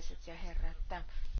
naiset ja herrat.